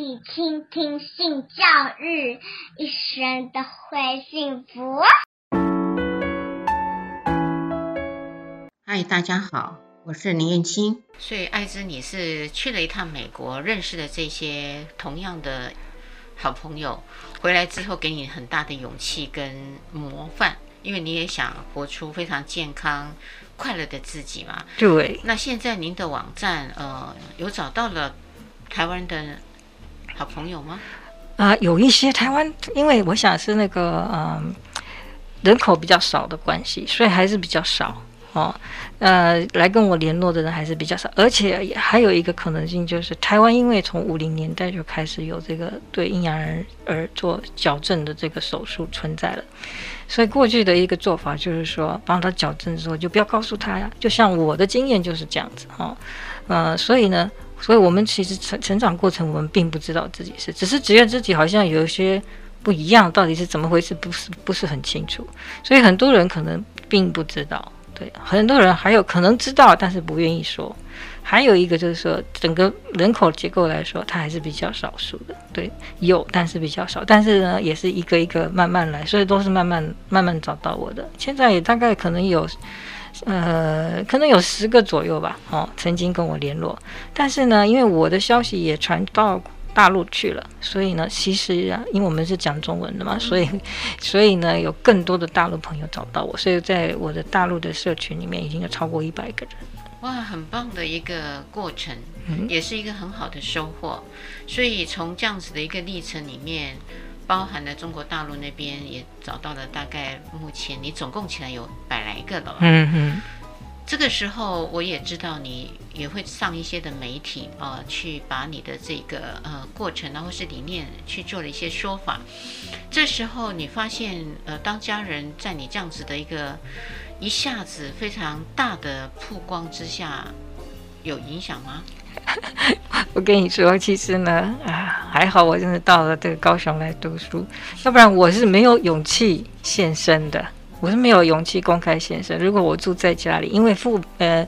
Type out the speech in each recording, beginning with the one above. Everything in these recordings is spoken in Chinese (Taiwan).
你傾聽性教育，一生都會幸福。嗨，大家好，我是林燕青。所以，愛芝，你是去了一趟美國，認識了這些同樣的好朋友，回來之後給你很大的勇氣跟模範，因為你也想活出非常健康、快樂的自己嘛。對。那現在您的網站，呃，有找到了台灣的。好朋友嗎？啊、呃，有一些台灣，因為我想是那個嗯、呃，人口比較少的關係，所以還是比較少哦。呃，來跟我聯絡的人還是比較少，而且也還有一個可能性就是，台灣因為從五零年代就開始有這個對陰陽人而做矯正的這個手術存在了，所以過去的一個做法就是說，幫他矯正之後就不要告訴他呀。就像我的經驗就是這樣子哈、哦，呃，所以呢。所以，我們其實成成長過程，我們並不知道自己是，只是覺得自己好像有一些不一樣，到底是怎麼回事，不是不是很清楚。所以，很多人可能並不知道，對，很多人還有可能知道，但是不願意說。還有一個就是說，整個人口結構來說，它還是比較少數的，對，有，但是比較少。但是呢，也是一個一個慢慢來，所以都是慢慢慢慢找到我的。現在也大概可能有，呃，可能有十個左右吧。哦，曾經跟我聯絡，但是呢，因為我的消息也傳到大陸去了，所以呢，其實啊，因為我們是講中文的嘛，所以，所以呢，有更多的大陸朋友找到我，所以在我的大陸的社群裡面，已經有超過一百個人。哇，很棒的一個過程，也是一個很好的收穫。所以從這樣子的一個歷程裡面，包含了中國大陸那邊也找到了，大概目前你總共起來有百來個了吧？嗯嗯。這個時候我也知道你也會上一些的媒體啊，呃，去把你的這個呃過程然後是理念去做了一些說法。這時候你發現，呃，當家人在你這樣子的一個。一下子非常大的曝光之下，有影響嗎？ 我跟你說，其實呢，啊，還好，我真的到了這個高雄來讀書，要不然我是沒有勇氣現身的，我是沒有勇氣公開現身。如果我住在家裡，因為父呃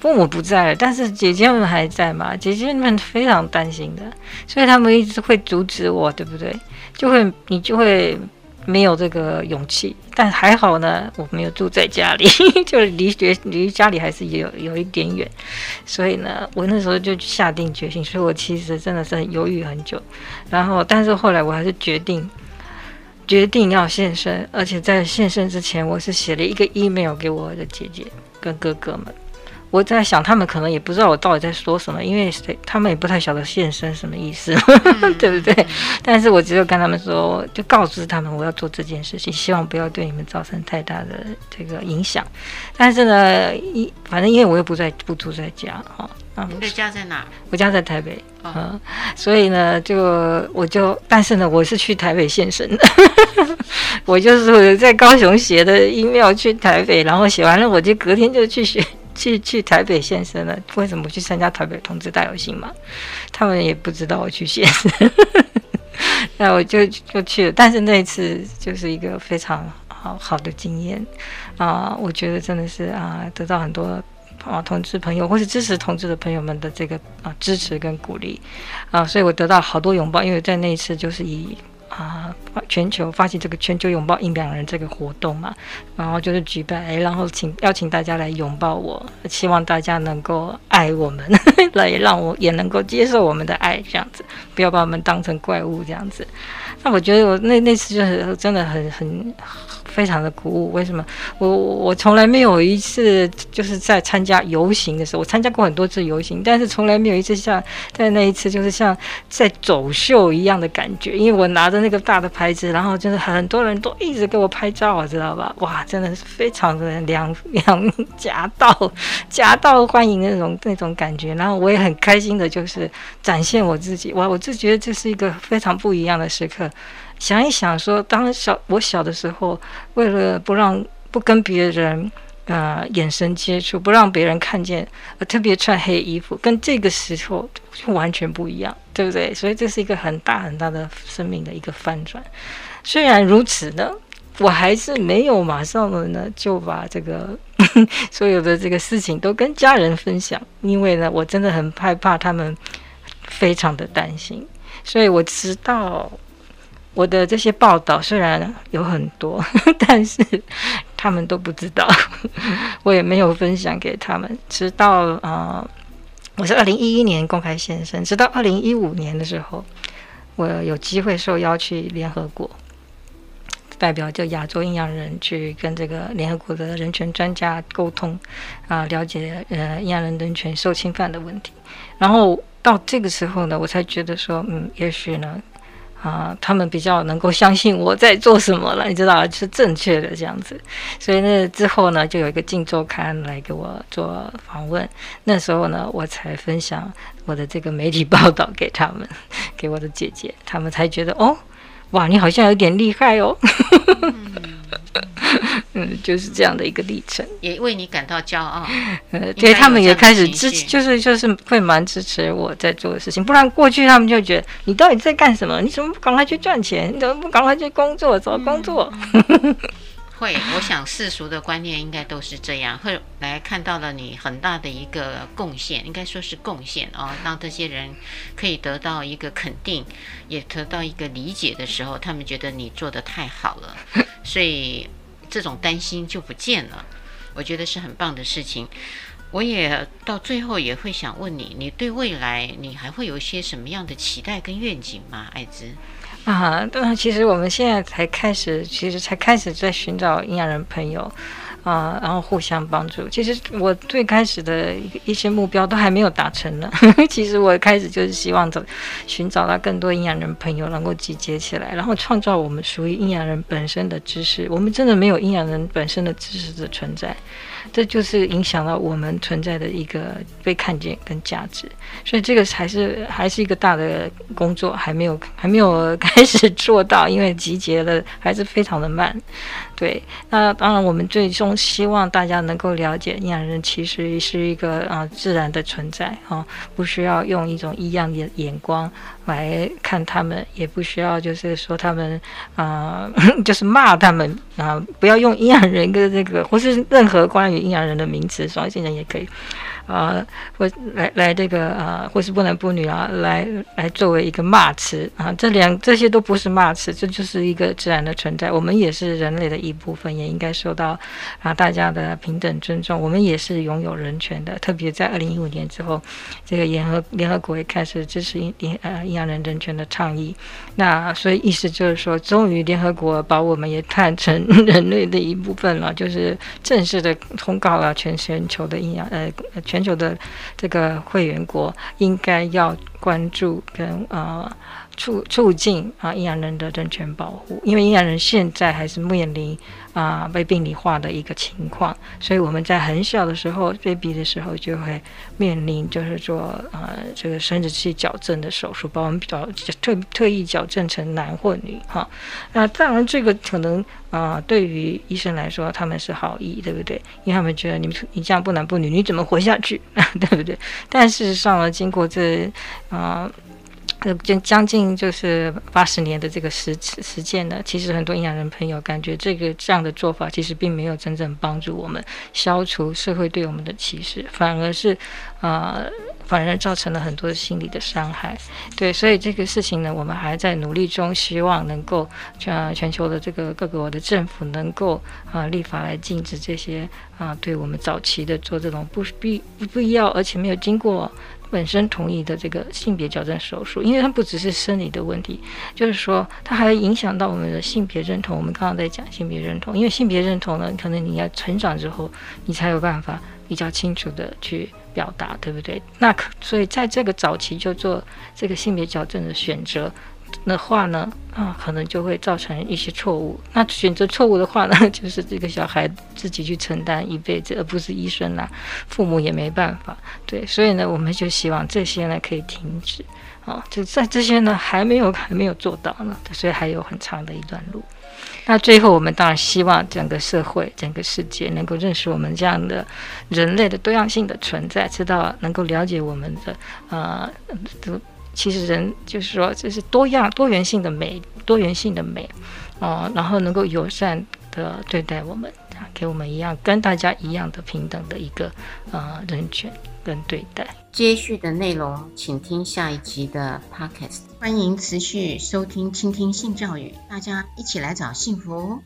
父母不在了，但是姐姐們還在嘛，姐姐們非常擔心的，所以他們一直會阻止我，對不對？就會你就會。沒有這個勇氣，但還好呢，我沒有住在家裡，就離學，離家裡還是有有一點遠，所以呢，我那時候就下定決心，所以我其實真的是很猶豫很久，然後但是後來我還是決定決定要現身，而且在現身之前，我是寫了一個 email 給我的姐姐跟哥哥們。我在想，他們可能也不知道我到底在說什麼，因為誰他們也不太曉得“現身”什麼意思，嗯、 對不對、嗯？但是我只有跟他們說，就告知他們我要做這件事情，希望不要對你們造成太大的這個影響。但是呢，一反正因為我又不在不住在家，哈、啊，你的家在哪？我家在台北，嗯、哦啊，所以呢，就我就但是呢，我是去台北現身的， 我就是在高雄寫的 email 去台北，然後寫完了，我就隔天就去學去去台北現身了，為什麼去參加台北同志大遊行嘛？他們也不知道我去現身，呵呵，那我就就去了。但是那一次就是一個非常好、哦、好的經驗啊，我覺得真的是啊，得到很多啊同志朋友或是支持同志的朋友們的這個啊支持跟鼓勵啊，所以我得到好多擁抱，因為在那一次就是以。啊！全球發起這個全球擁抱陰陽人這個活動嘛，然後就是舉辦，哎、然後請邀請大家來擁抱我，希望大家能夠愛我們呵呵，來讓我也能夠接受我們的愛，這樣子，不要把我們當成怪物這樣子。那我覺得我那那次就是真的很很。非常的鼓舞，為什麼？我我從來沒有一次就是在參加遊行的時候，我參加過很多次遊行，但是從來沒有一次像在那一次就是像在走秀一樣的感覺，因為我拿着那個大的牌子，然後就是很多人都一直給我拍照，知道吧？哇，真的是非常的兩兩夾道夾道歡迎那種那種感覺，然後我也很開心的，就是展現我自己，哇，我就覺得這是一個非常不一樣的時刻。想一想說，說當小我小的時候，為了不讓不跟別人啊、呃、眼神接觸，不讓別人看見，我特別穿黑衣服，跟這個時候就完全不一樣，對不對？所以這是一個很大很大的生命的一個翻轉。雖然如此呢，我還是沒有馬上呢就把這個呵呵所有的這個事情都跟家人分享，因為呢，我真的很害怕他們非常的擔心，所以我知道。我的這些報道雖然有很多，但是他們都不知道，我也沒有分享給他們。直到啊、呃，我是二零一一年公開現身，直到二零一五年的時候，我有機會受邀去聯合國，代表就亞洲陰陽人去跟這個聯合國的人權專家溝通啊、呃，了解呃陰陽人人權受侵犯的問題。然後到這個時候呢，我才覺得說，嗯，也許呢。啊、嗯，他們比較能夠相信我在做什麼了，你知道，就是正確的這樣子。所以那之後呢，就有一個鏡週刊來給我做訪問。那時候呢，我才分享我的這個媒體報道給他們，給我的姐姐，他們才覺得哦，哇，你好像有點厲害哦。 嗯 嗯，就是這樣的一個歷程，也為你感到驕傲。嗯、對他們也開始支，就是就是會蠻支持我在做的事情。不然過去他們就覺得你到底在幹什麼？你怎麼不趕快去賺錢？你怎麼不趕快去工作？找工作？嗯、 會，我想世俗的觀念應該都是這樣。後來看到了你很大的一個貢獻，應該說是貢獻哦，讓這些人可以得到一個肯定，也得到一個理解的時候，他們覺得你做得太好了。所以這種擔心就不見了，我覺得是很棒的事情。我也到最後也會想問你，你對未來你還會有一些什麼樣的期待跟願景嗎？愛芝啊，當然，其實我們現在才開始，其實才開始在尋找陰陽人朋友。啊，然後互相幫助。其實我最開始的一些目標都還沒有達成呢。其實我開始就是希望找，尋找到更多陰陽人朋友，能夠集結起來，然後創造我們屬於陰陽人本身的知識。我們真的沒有陰陽人本身的知識的存在，這就是影響到我們存在的一個被看見跟價值。所以這個還是還是一個大的工作，還沒有還沒有開始做到，因為集結了還是非常的慢。對，那當然我們最。總希望大家能夠了解，陰陽人其實是一個啊自然的存在，啊，不需要用一種異樣的眼光，來看他們也不需要，就是說他們啊、呃，就是罵他們啊，不要用陰陽人的這個，或是任何關於陰陽人的名詞，雙性人也可以啊，或來來這個啊，或是不男不女啊，來來作為一個罵詞啊，這兩這些都不是罵詞，這就是一個自然的存在。我們也是人類的一部分，也應該受到啊大家的平等尊重。我們也是擁有人權的，特別在二零一五年之後，這個聯合聯合國也開始支持陰陰呃陰人人權的倡議，那所以意思就是說，終於聯合國把我們也看成人類的一部分了，就是正式的通告了全全球的陰陽呃全球的這個會員國應該要關注跟啊、呃、促促進啊陰陽人的人權保護，因為陰陽人現在還是面臨。啊、呃，被病理化的一個情況，所以我們在很小的時候、對比的時候就會面臨，就是做呃，這個生殖器矯正的手術，把我們比較特特意矯正成男或女，哈。那、呃、當然，這個可能啊、呃，對於醫生來說，他們是好意，對不對？因為他們覺得你你這樣不男不女，你怎麼活下去， 對不對？但事實上呢，經過這啊。呃將、嗯、將近就是八十年的這個實實踐呢，其實很多陰陽人朋友感覺這個這樣的做法其實並沒有真正幫助我們消除社會對我們的歧視，反而是，啊、呃，反而造成了很多心理的傷害。對，所以這個事情呢，我們還在努力中，希望能夠全、呃、全球的這個各國的政府能夠啊、呃、立法來禁止這些啊、呃、對我們早期的做這種不必不必要而且沒有經過。本身同意的這個性別矯正手術，因為它不只是生理的問題，就是說它還影響到我們的性別認同。我們剛剛在講性別認同，因為性別認同呢，可能你要成長之後，你才有辦法比較清楚的去表達，對不對？那可所以在這個早期就做這個性別矯正的選擇。的話呢，啊，可能就會造成一些錯誤。那選擇錯誤的話呢，就是這個小孩自己去承擔一輩子，而不是醫生啦、啊，父母也沒辦法。對，所以呢，我們就希望這些呢可以停止。啊，就在這些呢，還沒有還沒有做到呢，所以還有很長的一段路。那最後，我們當然希望整個社會、整個世界能夠認識我們這樣的人類的多樣性的存在，知道能夠了解我們的，呃，其實人就是說，這是多樣多元性的美，多元性的美，哦、呃，然後能夠友善的對待我們，給我們一樣跟大家一樣的平等的一個呃人權跟對待。接續的內容，請聽下一集的 Podcast。歡迎持續收聽、傾聽性教育，大家一起來找幸福。